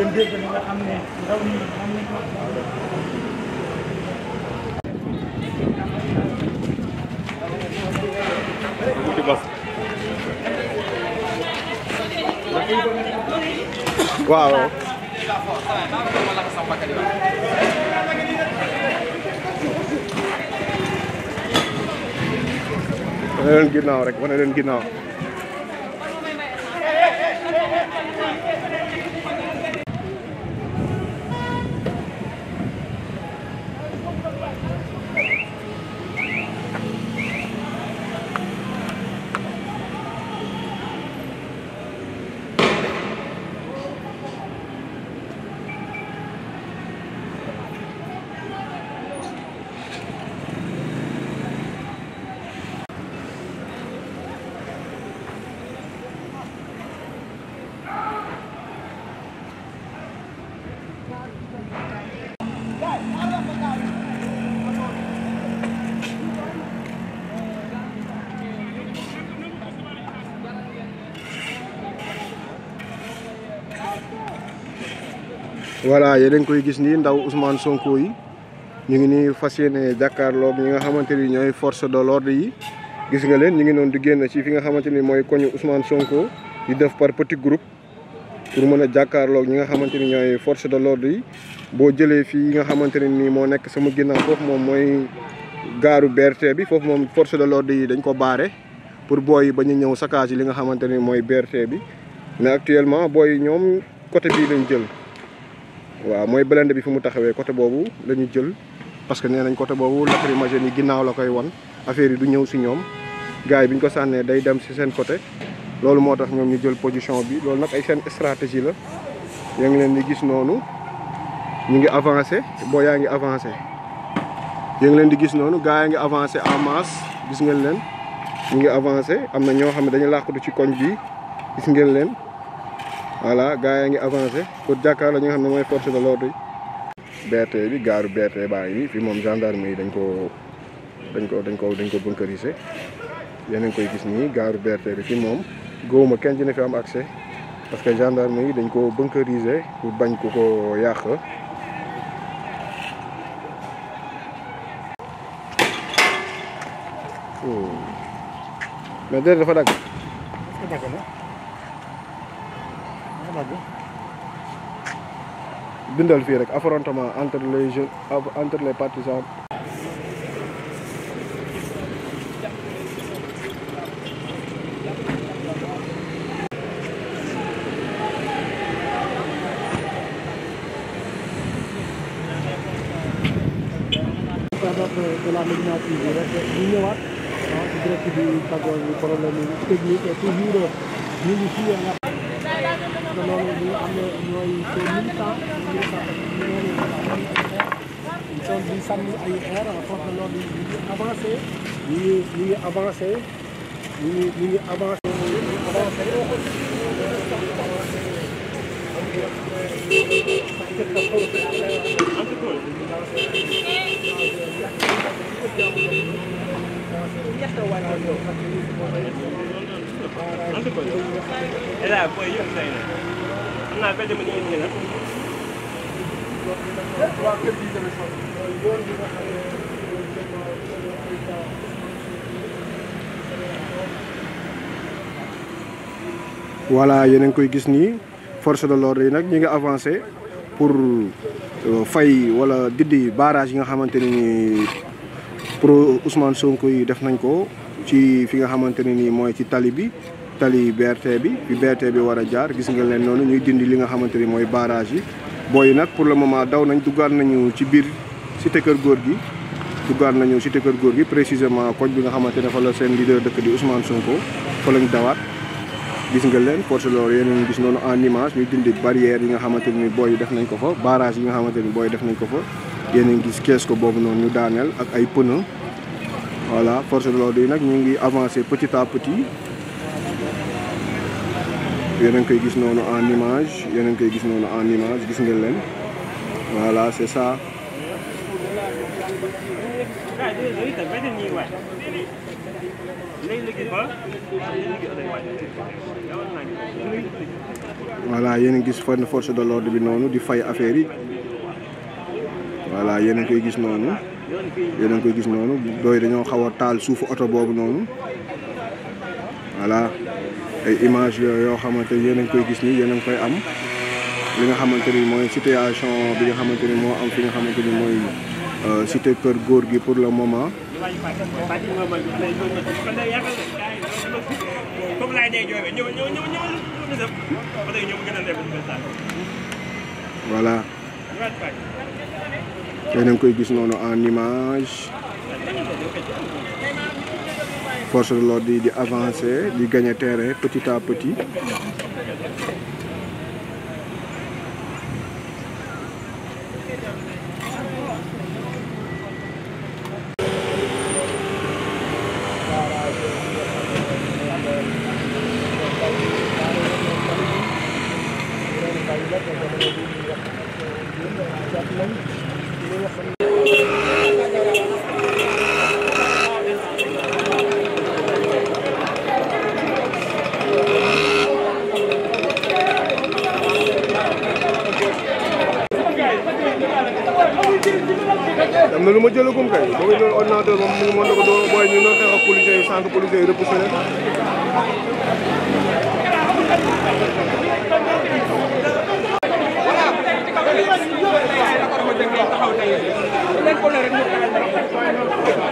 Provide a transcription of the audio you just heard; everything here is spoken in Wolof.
gën dégg li nga xam ne ndaw ñi moom lañ wax waaw wane leen ginnaaw rek wane leen ginnaaw voilà yéen a ngi koy gis nii ndaw Ousmane Sonko yi ñu ngi nii fas yéene jàkkaarloog ñi nga xamante ni ñooy force de l'ordre yi gis nga leen ñu ngi noonu di génn ci fi nga xamante ni mooy koñu Ousmane Sonko di def par petit groupe pour mën a jàkkaarloog ñi nga xamante ni ñooy force de l'ordre yi boo jëlee fii nga xamante ne nii moo nekk sama ginnaaw foofu moom mooy gaaru BRT bi foofu moom force de l'ordre yi dañ ko baare pour booy yi ba ñu ñëw li nga xamante ni mooy bi mais actuellement booy ñoom côté bii lañ jël waaw mooy blende bi fu mu taxawee côté boobu la ñu jël parce que nee nañ côté boobu lacrymogène yi ginnaaw la koy won affaire yi du ñëw si ñoom gars yi bi ñu ko sànnee day dem si seen côté loolu moo tax ñoom ñu jël position bi loolu nag ay seen stratégie la yaa ngi leen di gis noonu ñu ngi avancé boo yaa ngi avancé yaa ngi leen di gis noonu gars yaa ngi avancé en masse gis ngeen leen ñu ngi avancé am na ñoo xam ne dañu làqatu ci koñ bi gis ngeen leen voilà gars yaa ngi avancé pour jàkkaarloo ñi nga xam ne mooy force de l'ordre yi BRT bi gaaru BRT baa ngi nii fii moom gendarme yi dañ ko dañ ko dañ ko dañ ko bunkerisé yéen a ngi koy gis nii gaaru BRT bi fii moom góoma kenn dina fi am accès parce que gendarme yi dañ ko bunkerisé pour bañ ku ko yàq mais déedéet dafa dagg. bi bindal fii rek affrontement entre les jeunes entre les partisans de la Médina TV ñëwaat ah direct bi tàggoo problème technique et toujours ñu ngi fii te loolu ñu am na ñooy des militants ils sont di sànni ay xeer foofu la loolu ñu ngi avancé ñu ngi ñu ngi avancé ñu ngi ñu ngi avancé ñu ngi avancé Yes, the one I know non ti voglio. E là poi io sei. No, quello mi dice niente. Qualche video mi sono. voilà yéen a ngi koy gis nii force de l'ordre yi nag ñi avancé pour euh, fay wala diddi barrage yi Ousmane Sonko yi def nañ ko ci un nga xamante ne ni tali BRT bi fi bi war a jaar gis nga leen noonu ñuy dindi li nga xamante ni mooy barrage yi booy yi nag pour le moment daw nañ duggaan nañu ci biir cité kër góor gi duggaan nañu cité kër góor gi précisément koñ bi nga xamante ne fa la seen leader dëkk di Ousmane Sonko fa lañ dawaat gis nga leen force loolu yeneen gis noonu en image ñuy dindi barrière yi nga xamante ni booy def nañ ko fa barrage yi nga xamante ni booy def nañ ko fa yeneen gis kees ko boobu noonu ñu daaneel ak ay pneu voilà force loolu yi nag ñu ngi avancer petit à petit yéen ngi koy gis noonu en image yéen ngi koy gis noonu en image gis ngeen leen voilà c'est ça voilà yéen gis fan force de l'ordre bi noonu di fay affaire yi voilà yéen koy gis noonu yéen koy gis noonu dooy dañoo xaw a taal suufu oto boobu noonu voilà ay image yoo xamante ni yéen a koy gis nii yéen a koy am li nga xamante ni mooy situation bi nga xamante ni moo am fi nga xamante ni mooy euh, cité kër góor gi pour le moment. voilà yéen koy gis noonu en image. force de l'ordre di avancer, di gagner terrain petit à petit. am na ma jëlagum kay boo ko jëloon ordinateur moom mu ñu doon xeex ak policiers yi centre